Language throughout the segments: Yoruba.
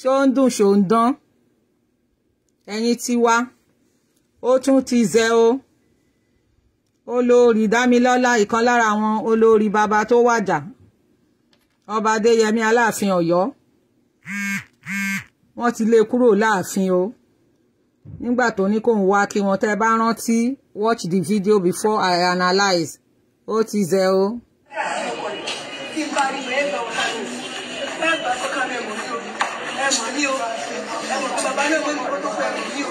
ṣóńdùn ṣòǹdán ẹ̀yin tiwa ó tún ti zẹ o olórí dámilọ́lá ìkan lára àwọn olórí baba tó wàjà ọba adéyẹmí aláàfin ọ̀yọ́ wọ́n ti lé e kúrò láàfin o nígbà tó ní kóun wá kí wọn tẹ́ bá rántí watch the video before i analyze. ó ti zẹ o. mọ̀ mí o ẹ̀wọ̀n kí bàbá náà wé mi kó tó fẹ́ mọ̀ mí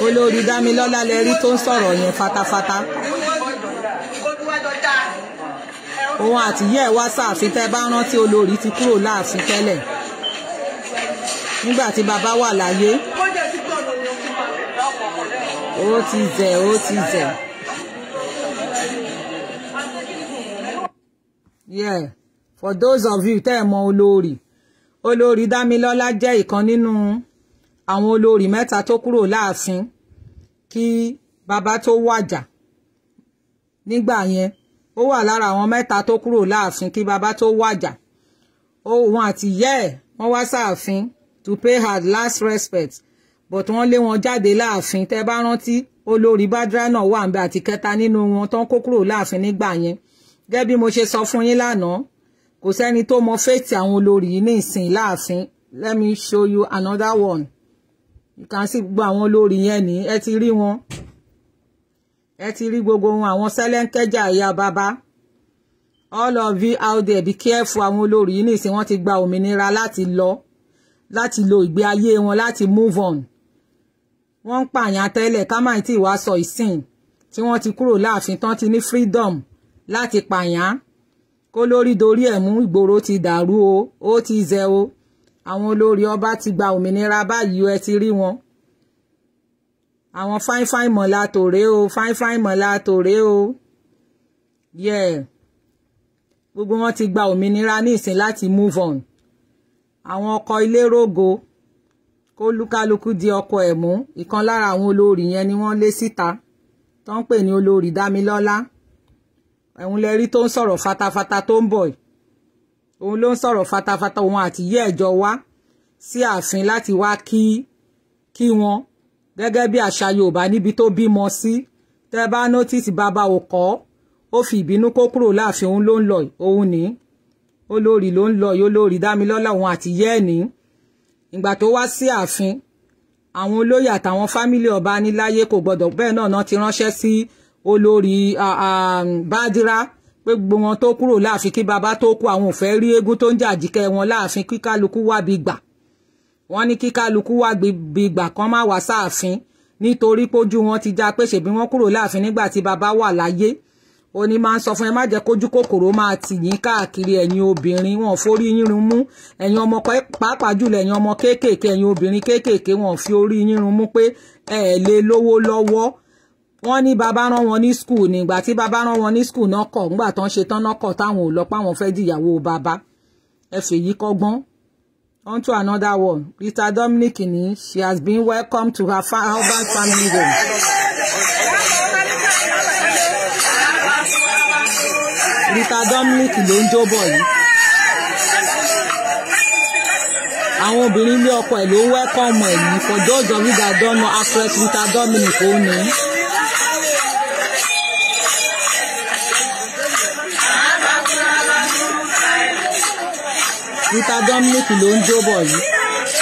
o. olórí Dámilọ́lá lè rí tó ń sọ̀rọ̀ yẹn fatafata. òun àtìyẹ́ ẹ̀ wá sáàfin tẹ́ bá rántí olórí ti kúrò láàfin tẹ́lẹ̀ nígbà tí bàbá wà láyé ó ti zẹ̀ ó ti zẹ̀. yeah for those of you tẹ́ ẹ̀ mọ olórí olórí dámilọ́lá jẹ́ ìkan nínú àwọn olórí mẹ́ta tó kúrò láàfin kí bàbá tó wàjà nígbà yẹn ó wà lára àwọn mẹ́ta tó kúrò láàfin kí bàbá tó wàjà òun àti ìyá ẹ̀ wọ́n wá sáàfin to pay her last respect but wọ́n lé wọn jáde láàfin tẹ́ bá rántí olórí bádra náà wà ń bẹ àti kẹta nínú wọn tó ń kó kúrò láàfin nígbà yẹn gẹ́gẹ́ mo ṣe sọ fún yín lánàá kò sẹ́ni tó mọ fẹ́ẹ̀tì àwọn olórí yìí ní ìsìn láàfin let me show you another one you can see gbogbo àwọn olórí yẹn ní ẹ ti rí wọn ẹ ti rí gbogbo wọn àwọn sẹ́lẹ̀ńkẹ́jà ìyá bàbá all of you out there be careful àwọn olórí yìí ní ìsìn wọ́n ti gba òmìnira láti lọ láti lo ìgbé ayé wọn láti move on wọ́n ń pààyàn tẹ́lẹ̀ ká máa tí ì wá sọ ìsìn tí wọ́n ti kúrò láàfin tán ti ní freedom láti pààyàn kó lórí dorí ẹ̀ mú ìgboro ti dàrú o ó ti zẹ o àwọn olórí ọba ti gba òmìnira báyìí ẹ ti rí wọn àwọn fáínfáín mọ̀lá tòré o fáínfáín mọ̀lá tòré o gbogbo wọn ti gba òmìnira ní ìsìn láti move on àwọn ọkọ ilé rógo kó lúkálukú di ọkọ ẹ̀ mú ìkan lára àwọn olórí yẹn ni wọ́n lé síta tó ń pè ní olórí Dámilọ́lá ẹ̀hún lè rí tó ń sọ̀rọ̀ fatafata tó ń bọ̀ yìí òun ló ń sọ̀rọ̀ fatafata òun àti ìyá ẹ̀jọ́ wá sí ààfin láti wá kí kí wọn gẹ́gẹ́ bí àṣà Yorùbá níbi tó bímọ sí tẹ́ bá nọ́tìsì bàbá òkọ́ ó fi ìbínú kó kúrò láàfin òun ló ń lọ òun ní olórí ló ń lọ yìí olórí Dámilọ́lá òun àti ìyá ẹ̀ ní ìgbà tó wá sí ààfin àwọn olóyè àtàwọn fámílì ọba níláyé kò gbọdọ̀ bẹ́ẹ̀ náà ti ránṣẹ́ sí si, olórí bádírá pé gbogbo wọn tó kúrò láàfin kí bàbá tó kú àwọn ò fẹ́ rí eégún tó ń jàjíkẹ́ wọn láàfin kí kálukú wá bí gbà wọ́n ní kí kálukú wá bí gbà kan má wá sáàfin nítorí pójú wọn ti já pé ṣèbí wọn kúrò láàfin nígbà tí bàbá wà láyé ó ní máa ń sọ fún ẹ má jẹ́ kójú kòkòrò máa tì yín káàkiri ẹ̀yin obìnrin wọn forí yín mú ẹ̀yin ọmọ pàápàá jùlọ ẹ̀yin ọmọ kéékèèké ẹ̀yin obìnrin kéékèèké wọn fi orí yín mú pé ẹ lè lówó lọ́wọ́ wọ́n ní bàbá rán wọn ní skul ní ìgbà tí bàbá rán wọn ní skul náà kọ̀ ńgbà tán ṣe tán náà kọ̀ táwọn ò lọ páwọn fẹ́ dìyàwó bàbá ẹ fèyí kọ́gbọ́n on to another one Rita Dominic ni she has been welcomed to her husband family home. Rita Dominic ló ń jó bọ̀ yìí. àwọn obìnrin ilé ọkọ ẹ̀ ló wẹ́kọ̀mù ẹ̀ yìí for those of you that don't know actress Rita Dominic ó ní. Rita Dominic ló ń jó bọ̀ yìí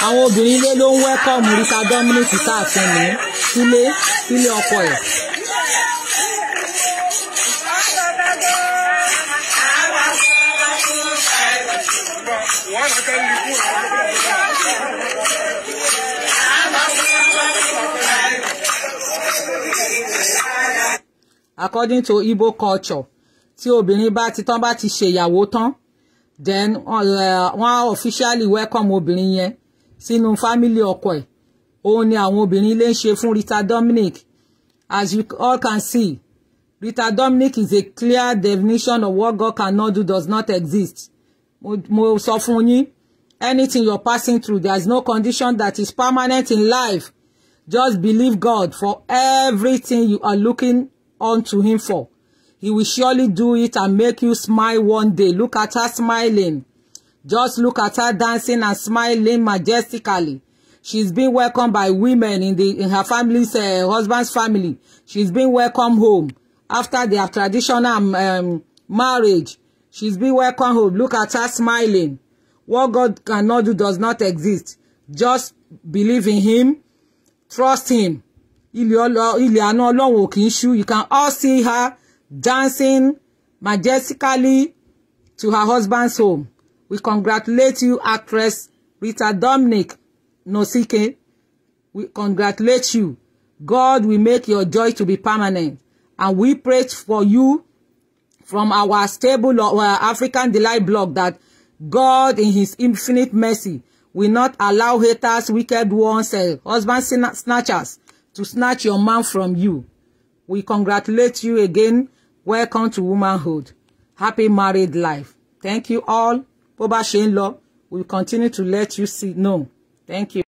àwọn obìnrin ilé ló ń wẹ́kọ̀mù Rita Dominic sáàfin mi sílé sílé ọkọ ẹ̀. According to Igbo culture tí obìnrin bá ti tán bá ti ṣèyàwó tán then uh, uh, wọ́n officially welcome obìnrin yẹn sínú family ọkọ ẹ̀ òun ni àwọn obìnrin ilé ń ṣe fún Rita Dominic as you all can see Rita Dominic is a clear definition of what God cannot do does not exist mo sọ fún yín anything you're passing through there is no condition that is permanent in life just believe God for everything you are looking unto him for He will surely do it and make you smile one day. Look at her smiling. Just look at her dancing and smiling majestically. She's been welcomed by women in the in her family's uh, husband's family. She's been welcomed home after their traditional um, um marriage. She's been welcomed home. Look at her smiling. What God cannot do does not exist. Just believe in Him. Trust Him. Ilé àánú Ọlọ́run ò kì í You can all see her dancing majestically to her husband's home. We congratulate you, actress Rita Dominic Nosike. We congratulate you. God will make your joy to be permanent. And we pray for you from our stable our uh, African Delight blog that God in his infinite mercy will not allow haters, wicked ones, uh, husband snatchers to snatch your man from you. We congratulate you again welcome to womanhood happy married life thank you all bó bá ṣe ń lọ we will continue to let you see No, thank you.